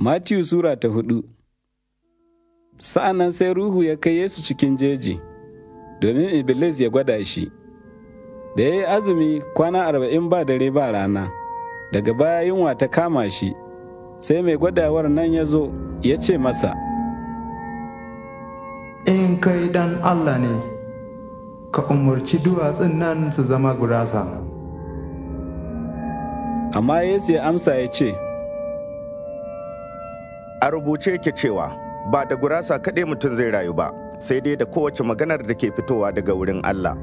Matiyu Sura ta hudu Sa'an nan sai Ruhu ya kai Yesu cikin jeji, domin Iblis ya gwada shi, da ya yi azumi kwana arba'in ba dare ba rana, daga baya yunwa ta kama shi, sai mai gwadawar nan ya zo ya ce masa, In kai dan Allah ne, ka umarci duwatsun nan su zama gurasa. Amma Yesu ya amsa ya ce, a rubuce yake cewa ba da gurasa kaɗai mutum zai rayu ba sai dai da kowace maganar da ke fitowa daga wurin Allah.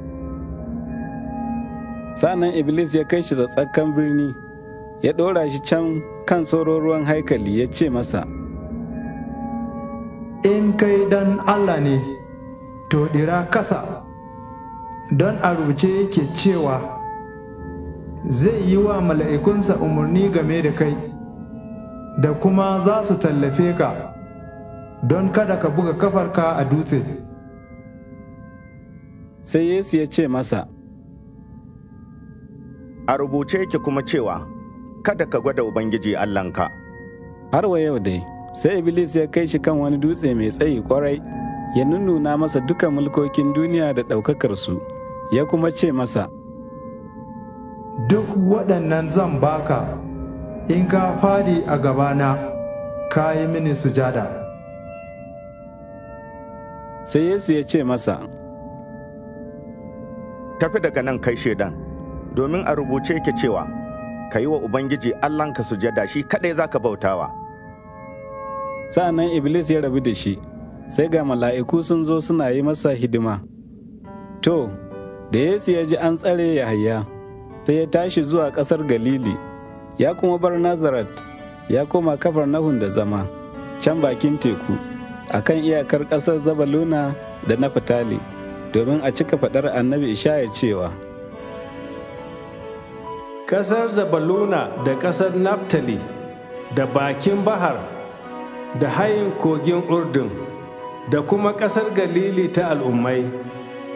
sanan Iblis ya kai shi tsatsakan birni ya ɗora shi can kan sororuwan haikali ya ce masa, In kai dan Allah ne, to ɗira kasa, don a rubuce yake cewa zai yi wa mala'ikunsa umarni game da kai. da kuma za su tallafe ka don kada ka buga kafarka a dutse. Sai Yesu ya ce masa, A rubuce yake kuma cewa, Kada ka gwada Ubangiji Allahnka. Har wa yau dai, sai Iblis ya kai shi kan wani dutse mai tsayi kwarai, ya nunnuna masa duka mulkokin duniya da ɗaukakarsu, ya kuma ce masa, Duk waɗannan zan baka in ka fadi a gabana ka yi mini sujada sai yesu ya ce masa tafi daga nan kai shaidan domin a rubuce yake cewa ka yi wa ubangiji allahnka sujada shi kaɗai za ka bautawa sa'an nan iblis ya rabu da shi sai ga mala'iku sun zo suna yi masa hidima to da yesu ya ji an tsare ya yahaya sai ya tashi zuwa ƙasar galili ya kuma bar Nazaret ya koma kafar Nahun da zama can bakin teku a kan iyakar ƙasar Zabaluna da na Fitali domin a cika faɗar annabi Ishaya cewa. Ƙasar Zabaluna da ƙasar Naftali da bakin bahar da hayin kogin Urdun da kuma ƙasar Galili ta al'ummai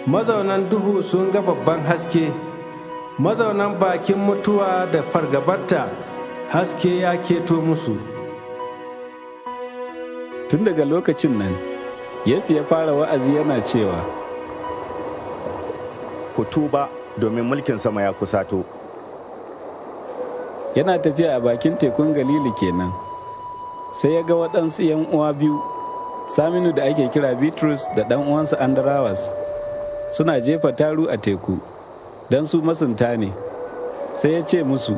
mazaunan duhu sun ga babban haske. mazaunan bakin mutuwa da fargabarta haske ya keto musu tun daga lokacin nan yesu ya fara wa'azi yana cewa ku tuba domin mulkin sama ya kusato yana tafiya a bakin tekun galili kenan sai ya ga waɗansu 'yan uwa biyu saminu da ake kira bitrus da ɗan uwansa andarawas suna jefa taru a teku don su masunta ne sai ya ce musu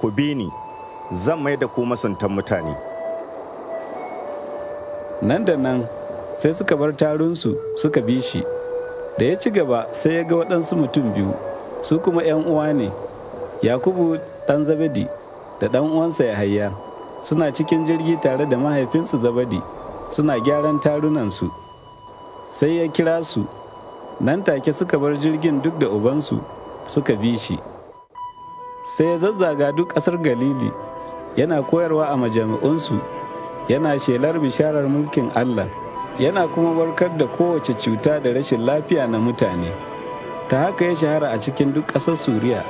ku bi ni zan mai da ku masuntan mutane nan da nan sai suka bar tarunsu suka bi shi da ya ci gaba sai ya ga waɗansu mutum biyu su kuma 'yan uwa ne yakubu ɗan zabadi da ɗan uwansa ya hayya suna cikin jirgi tare da mahaifinsu zabadi suna gyaran tarunansu sai ya kira su nan take suka bar jirgin duk da ubansu suka bi shi sai ya zazzaga duk ƙasar galili yana koyarwa a majami'unsu yana shelar bisharar mulkin allah yana kuma warkar da kowace cuta da rashin lafiya na mutane ta haka ya shahara a cikin duk ƙasar suriya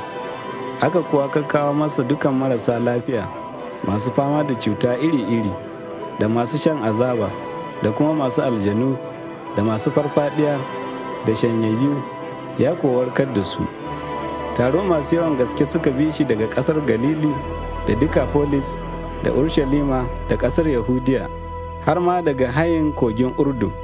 aka kuwa kawo masa dukan marasa lafiya masu fama da cuta iri-iri da masu shan azaba da kuma masu aljanu da masu farfadiya da shanyayyu ya kowarkar da su taro masu yawan gaske suka bi shi daga kasar galili da dikapolis da urshalima da kasar yahudiya har ma daga hayin kogin urdun